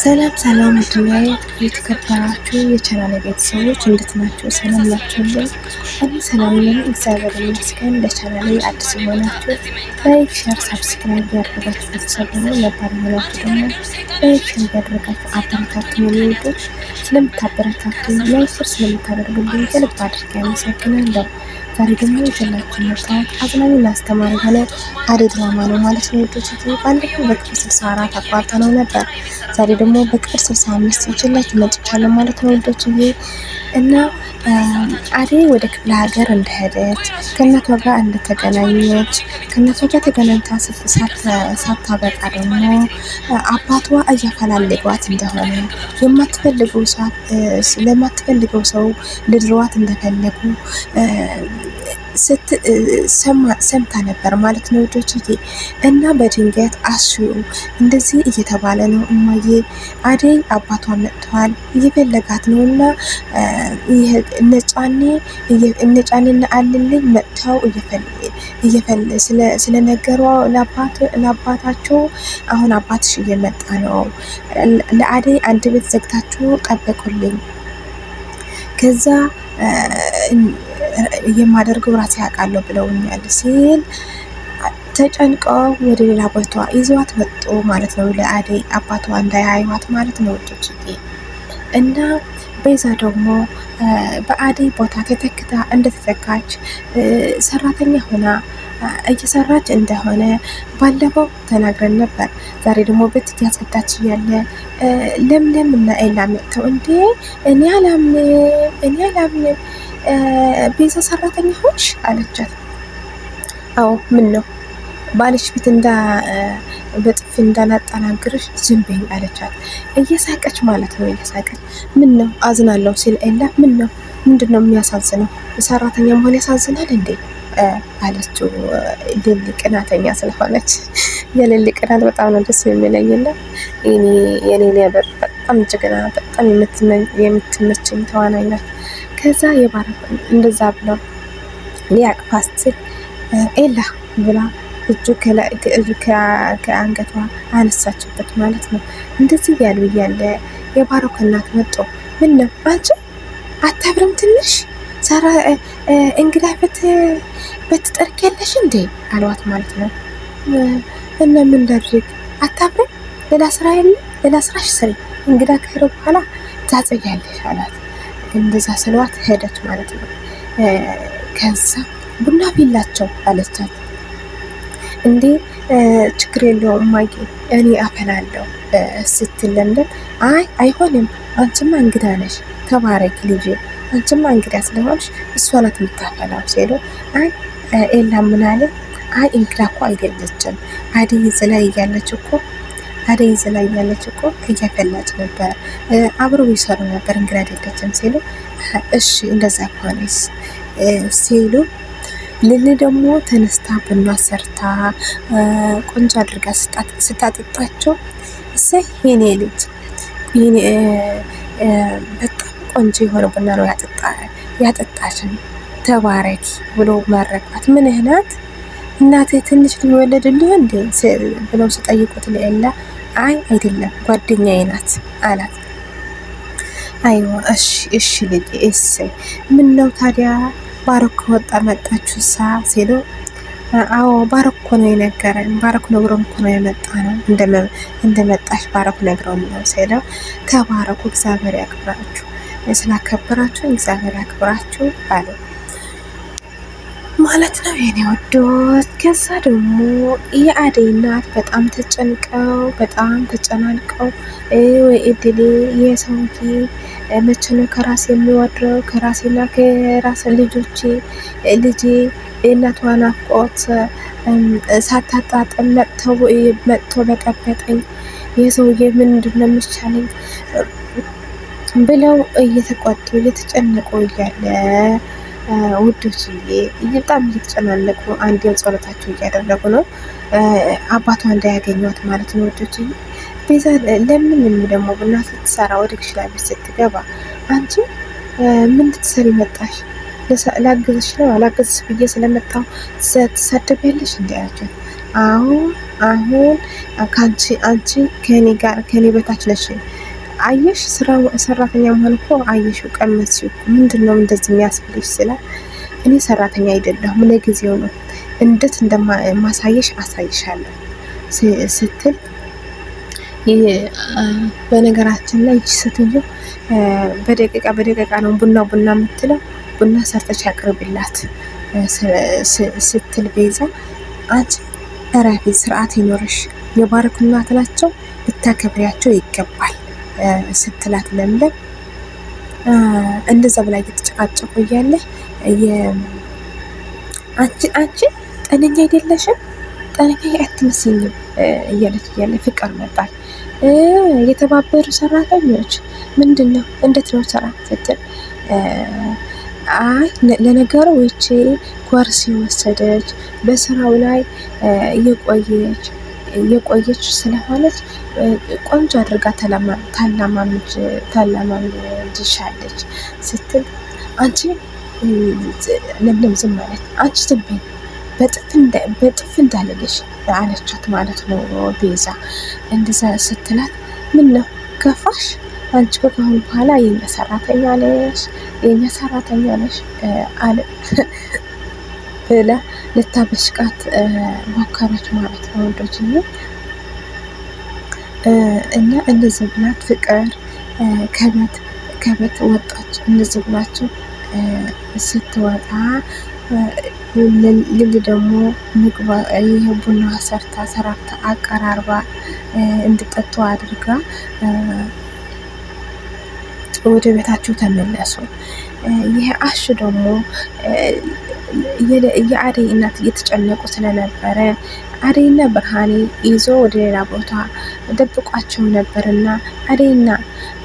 ሰላም ሰላም ድና የተከበራችሁ የቻናል ቤተሰቦች እንዴት ናቸው? ሰላም ናቸውለን? እኔ ሰላም ነኝ፣ እግዚአብሔር ይመስገን። ለቻናል አዲስ የሆናችሁ ላይክ፣ ሸር፣ ሳብስክራይብ ያደረጋችሁ ቤተሰብ ነው። ነባር የሆናችሁ ደግሞ ላይክ፣ ሸር ያደረጋችሁ አበረታቱ። የሚወዱት ስለምታበረታቱ ላይክር ስለምታደርጉልኝ ከልብ አድርጌ አመሰግናለሁ። ዛሬ ደግሞ የጀላችሁ መጽሐፍ አዝናኝና አስተማሪ የሆነ አደይ ድራማ ነው ማለት ነው። ወዶች ባለፈው በክፍል ስልሳ አራት ነው ነበር። ዛሬ ደግሞ ደግሞ ስልሳ አምስት ይዤላችሁ መጥቻለሁ ማለት ነው ዬ እና አደይ ወደ ክፍለ ሀገር እንደሄደች ከእናቷ ጋር እንደተገናኘች ከእናቷ ጋር ተገናኝታ ሳታበቃ ደግሞ አባቷ እያፈላለጓት እንደሆነ የማትፈልገው ለማትፈልገው ሰው ልድሯት እንደፈለጉ ሰምታ ነበር ማለት ነው ውዶችዬ። እና በድንገት አስዩ እንደዚህ እየተባለ ነው እማዬ አደይ አባቷ መጥተዋል እየፈለጋት ነው እና እነጫኔና አልልኝ መጥተው ስለነገሯ ለአባታቸው አሁን አባትሽ እየመጣ ነው ለአደይ አንድ ቤት ዘግታችሁ ጠበቁልኝ ከዛ የማደርገው ራሴ ያውቃለሁ ብለውኛል ሲል ተጨንቀው ወደ ሌላ ቦታ ይዘዋት ወጡ ማለት ነው። ለአደይ አባቷ እንዳያዩዋት ማለት ነው ውዶች እና ቤዛ ደግሞ በአደይ ቦታ ተተክታ እንደተተካች ሰራተኛ ሆና እየሰራች እንደሆነ ባለፈው ተናግረን ነበር። ዛሬ ደግሞ ቤት እያጸዳች እያለ ለምለም እና ኤላ መጥተው እንዴ እኔ አላምንም እኔ አላምንም ቤዛ ሰራተኛ ሆንሽ አለቻት። አዎ ምን ነው ባልሽ ፊት እንዳ በጥፊ እንዳላጠናግርሽ ዝም በይኝ አለቻት። እየሳቀች ማለት ነው እየሳቀች ምን ነው አዝናለሁ ሲል ኤላ ምን ነው ምንድን ነው የሚያሳዝነው? ሰራተኛ መሆን ያሳዝናል እንዴ አለችው። ልል ቅናተኛ ስለሆነች የልል ቅናት በጣም ነው ደስ የሚለኝና የኔ ነበር በጣም ጀግና በጣም የምትመችኝ ተዋናኝ ናት። ከዛ የባረኩ እንደዛ ብለው ሊያቅፋት ስትል ኤላ ብላ እጁ ከአንገቷ አነሳችበት ማለት ነው። እንደዚህ እያሉ እያለ የባረኩ እናት መጡ። ምን ነው አንቺ አታብረም ትንሽ ሰራ እንግዳ በትጠርቅ ያለሽ እንዴ አልዋት ማለት ነው። እና ምን ላድርግ አታብርም፣ ሌላ ስራ የለ፣ ሌላ ስራሽ ስሪ፣ እንግዳ ከሄደ በኋላ ታጸጊያለሽ አላት። እንደዛ ስለዋት ሄደች ማለት ነው። ከዛ ቡና ፊላቸው አለቻት። እንዴ ችግር የለውም ማጌ እኔ አፈላለሁ ስትል ለምለም አይ አይሆንም፣ አንቺማ እንግዳ ነሽ፣ ተባረክ ልጄ፣ አንቺማ እንግዳ ስለሆንሽ እሷ ናት የምታፈላው ሲሉ አይ ኤላ ምናለ አይ እንግዳ እኮ አይደለችም አደይ እዚህ ላይ እያለች እኮ አደይ እዚህ ላይ ያለች እኮ እያፈላጭ ነበር፣ አብሮ ይሰሩ ነበር፣ እንግዲህ አይደለችም ሲሉ እሺ እንደዛ ከሆነስ ሲሉ ልል ደግሞ ተነስታ ቡና ሰርታ ቆንጆ አድርጋ ስታጠጣቸው እሰይ የኔ ልጅ በጣም ቆንጆ የሆነ ቡና ነው ያጠጣሽን፣ ተባረኪ ብሎ መረቋት። ምን እህናት እናቴ ትንሽ ልጅ ወለድልህ ብለው ሲጠይቁት ለኤላ አይ አይደለም ጓደኛዬ ናት አላት። አይዋ እሺ እሺ ልጅ እሰይ ምን ነው ታዲያ ባረኮ ወጣ መጣችሁ ሳ ሲሉ አዎ ባረኮ ነው የነገረን ባረኮ ነግሮን እኮ ነው የመጣ ነው እንደመጣሽ ባረኮ ነግሮን ነው ሲለው ከባረኮ እግዚአብሔር ያክብራችሁ ስላከበራችሁ እግዚአብሔር ያክብራችሁ አለው ማለት ነው የኔ ወዶት። ከዛ ደግሞ የአደይ እናት በጣም ተጨንቀው በጣም ተጨናንቀው ወይ እድሌ የሰውዬ መቼ ነው ከራስ የሚወድረው ከራሴና ከራስ ልጆቼ ልጄ የእናቷ ናፍቆት ሳታጣጠም መጥተው መጥቶ በጠበጠኝ የሰውዬ ምንድን ነው የሚሻለኝ ብለው እየተቆጡ እየተጨነቁ እያለ ውዶችዬ በጣም እየተጨናነቁ አንዴም ጸሎታቸው እያደረጉ ነው። አባቷ እንዳያገኟት ማለት ነው ውዶችዬ። ቤዛ ለምን ም ደግሞ ቡና ስትሰራ ወደ ክሽና ቤት ስትገባ አንቺ ምን ልትሰሪ መጣሽ? ላግዝሽ ነው አላገዝሽ ብዬ ስለመጣው ትሳደቢያለሽ እንዲ አሁን አሁን ከአንቺ አንቺ ከኔ ጋር ከኔ በታች ነሽ አየሽ ስራው ሰራተኛ መሆን እኮ አየሽ ቀመስ እኮ ምንድን ነው እንደዚህ የሚያስብልሽ ስለ እኔ ሰራተኛ አይደለሁም ለጊዜው ነው እንዴት እንደማሳየሽ አሳይሻለሁ ስትል በነገራችን ላይ ይች ስትዩ በደቂቃ በደቂቃ ነው ቡና ቡና የምትለው ቡና ሰርተች አቅርብላት ስትል ቤዛ አንቺ እረፊ፣ ስርዓት ይኖርሽ፣ የባረኩ እናት ናቸው፣ ልታከብሪያቸው ይገባል ስትላት ለምለም እንደዛ ብላ እየተጨቃጨቁ እያለ አንቺ ጠነኛ አይደለሽም፣ ጠነኛ አትመስኝም እያለች እያለ ፍቅር መጣል የተባበሩ ሰራተኞች ምንድን ነው እንዴት ነው ስራ ስትል፣ አይ ለነገሩ ይቺ ኮርስ የወሰደች በስራው ላይ እየቆየች የቆየች ስለሆነች ቆንጆ አድርጋ ታላማምድሻለች ስትል አንቺ ለምለም ዝም ማለት አንቺ ትብኝ በጥፍ እንዳለልሽ አለቻት ማለት ነው ቤዛ። እንደዛ ስትላት ምን ነው ከፋሽ? አንቺ እኮ ከአሁን በኋላ የኛ ሰራተኛ ነሽ የኛ ሰራተኛ ነሽ አለ ብላ ልታበሽቃት ሞከረች ማለት ነው። ወንዶች እና እንደዚህ ብላት ፍቅር ከቤት ከቤት ወጣች። እንደዚህ ብላችሁ ስትወጣ ልል ደግሞ ምግባ ይህ ቡና ሰርታ ሰራርታ አቀራርባ እንድጠጡ አድርጋ ወደ ቤታቸው ተመለሱ። ይሄ አሹ ደግሞ የአደይ እናት እየተጨነቁ ስለነበረ አደይና ብርሃኔ ይዞ ወደ ሌላ ቦታ ደብቋቸው ነበርና አደይና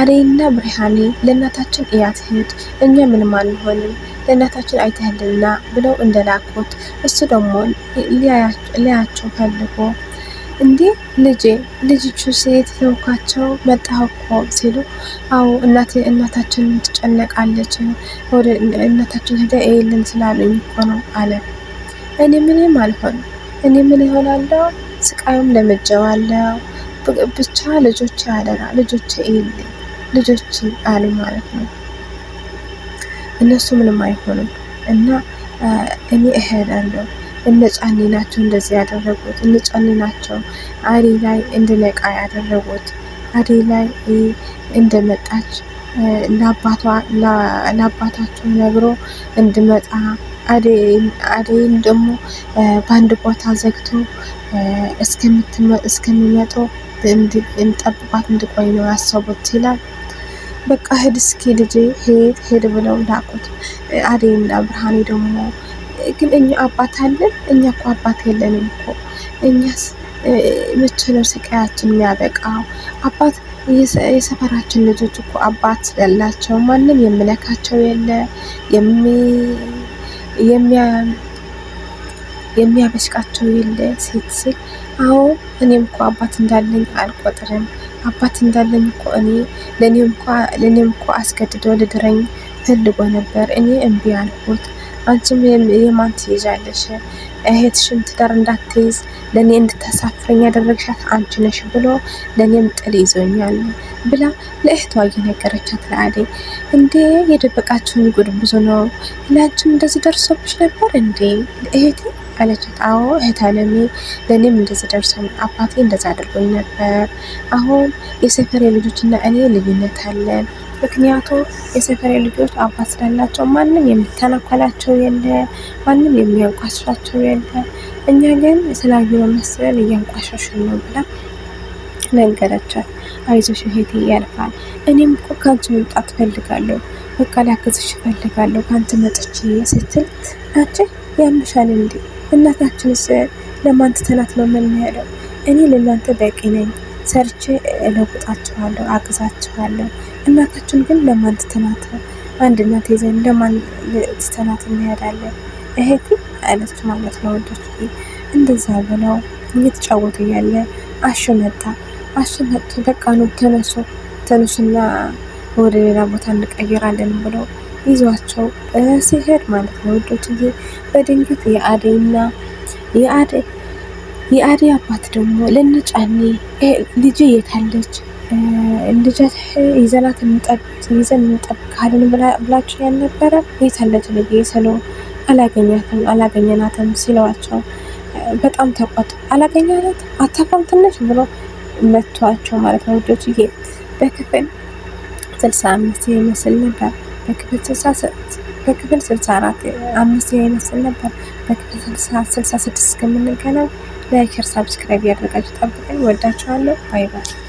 አደይና ብርሃኔ ለእናታችን እያትሄድ እኛ ምንም አንሆንም ለእናታችን አይተህልና ብለው እንደላኩት እሱ ደግሞ ሊያያቸው ፈልጎ እንዴ ልጄ ልጅቹ ሴት ተውካቸው መጣህ እኮ ሲሉ፣ አዎ እናቴ እናታችን ትጨነቃለች፣ ወደ እናታችን ሄደ ይልን ስላሉኝ እኮ ነው አለ። እኔ ምንም አልሆን እኔ ምን ይሆናለው ስቃዩም ለምጀዋለሁ። ብቻ ልጆች አደራ ልጆች ይል ልጆች አሉ ማለት ነው። እነሱ ምንም አይሆኑም እና እኔ እሄዳለሁ እነ ጫኔ ናቸው እንደዚህ ያደረጉት። እነ ጫኔ ናቸው አዴ ላይ እንድነቃ ያደረጉት። አዴ ላይ እንደመጣች ለአባታቸው ነግሮ እንድመጣ አዴይን ደግሞ በአንድ ቦታ ዘግቶ እስከሚመጡ እንጠብቋት እንድቆይ ነው ያሰቡት ይላል። በቃ ሂድ እስኪ ልጄ ሄድ ሄድ ብለው ላቁት። አዴይና ብርሃኔ ደግሞ ግን እኛ አባት አለን? እኛ እኮ አባት የለንም እኮ። እኛስ መቼ ነው ስቃያችን የሚያበቃው? አባት የሰፈራችን ልጆች እኮ አባት ስለላቸው ማንም የምለካቸው የለ የሚያበሽቃቸው የለ። ሴት ስል አዎ እኔም እኮ አባት እንዳለኝ አልቆጥርም። አባት እንዳለኝ እኮ እኔ ለእኔም እኮ አስገድዶ ልድረኝ ፈልጎ ነበር፣ እኔ እምቢ አልኩት። አንቺም የማን ትይዣለሽ? እህትሽን ትዳር እንዳትይዝ ለእኔ እንድታሳፍረኝ ያደረግሻት አንቺ ነሽ ብሎ ለእኔም ጥል ይዞኛል ብላ ለእህቷ እየነገረቻት ለአደይ እንዴ የደበቃችሁን ጉድ ብዙ ነው፣ ለአንቺም እንደዚህ ደርሶብሽ ነበር እንዴ እህቴ አለቻት። አዎ እህት አለሜ፣ ለእኔም እንደዚህ ደርሶ አባቴ እንደዛ አድርጎኝ ነበር። አሁን የሰፈሬ ልጆችና እኔ ልዩነት አለን ምክንያቱ የሰፈሬ ልጆች አባት ስላላቸው ማንም የሚተናኮላቸው የለ፣ ማንም የሚያንቋሽሻቸው የለ። እኛ ግን ስላዩ መሰለን እያንቋሻሹ ነው ብላ ነገረቻት። አይዞሽ እህቴ ያልፋል። እኔም እኮ ከአንቺ መምጣት እፈልጋለሁ፣ በቃ ላግዝሽ እፈልጋለሁ ከአንቺ መጥቼ ስትል አንቺ ያምሻል እንዴ? እናታችንስ ለማን ተናት ነው የምንሄደው? እኔ ለእናንተ በቂ ነኝ፣ ሰርቼ እለውጣችኋለሁ፣ አግዛችኋለሁ እናታችን ግን ለማን ትተናት አንድ እናት ይዘን ለማን ትተናት እንሄዳለን? እህቴ አለች ማለት ነው። ወንዶች እንደዛ ብለው እየተጫወቱ እያለ አሹ መጣ። አሹ መጥቶ በቃ ነው ተነሱ ተነሱና ወደ ሌላ ቦታ እንቀይራለን ብለው ይዟቸው ሲሄድ ማለት ነው ወዶች በድንገት የአደይና የአደይ አባት ደግሞ ለነጫኔ ልጅ የታለች ልጀት ይዘናት እንጠብ ይዘን እንጠብ ካልን ብላችን ያልነበረ የት አለች ልጄ ስለው አላገኛትም አላገኘናትም ሲለዋቸው በጣም ተቆጡ። አላገኘናት አታፋም ትንሽ ብሎ መቷቸው ማለት ነው ልጆች። ይሄ በክፍል ስልሳ አምስት ይመስል ነበር። በክፍል ስልሳ በክፍል ስልሳ አራት አምስት ይመስል ነበር። በክፍል ስልሳ ስልሳ ስድስት እስከምንገናኝ ላይክ፣ ሼር፣ ሳብስክራይብ ያደርጋችሁ ጠብቀኝ። ወዳችኋለሁ። ባይ ባይ።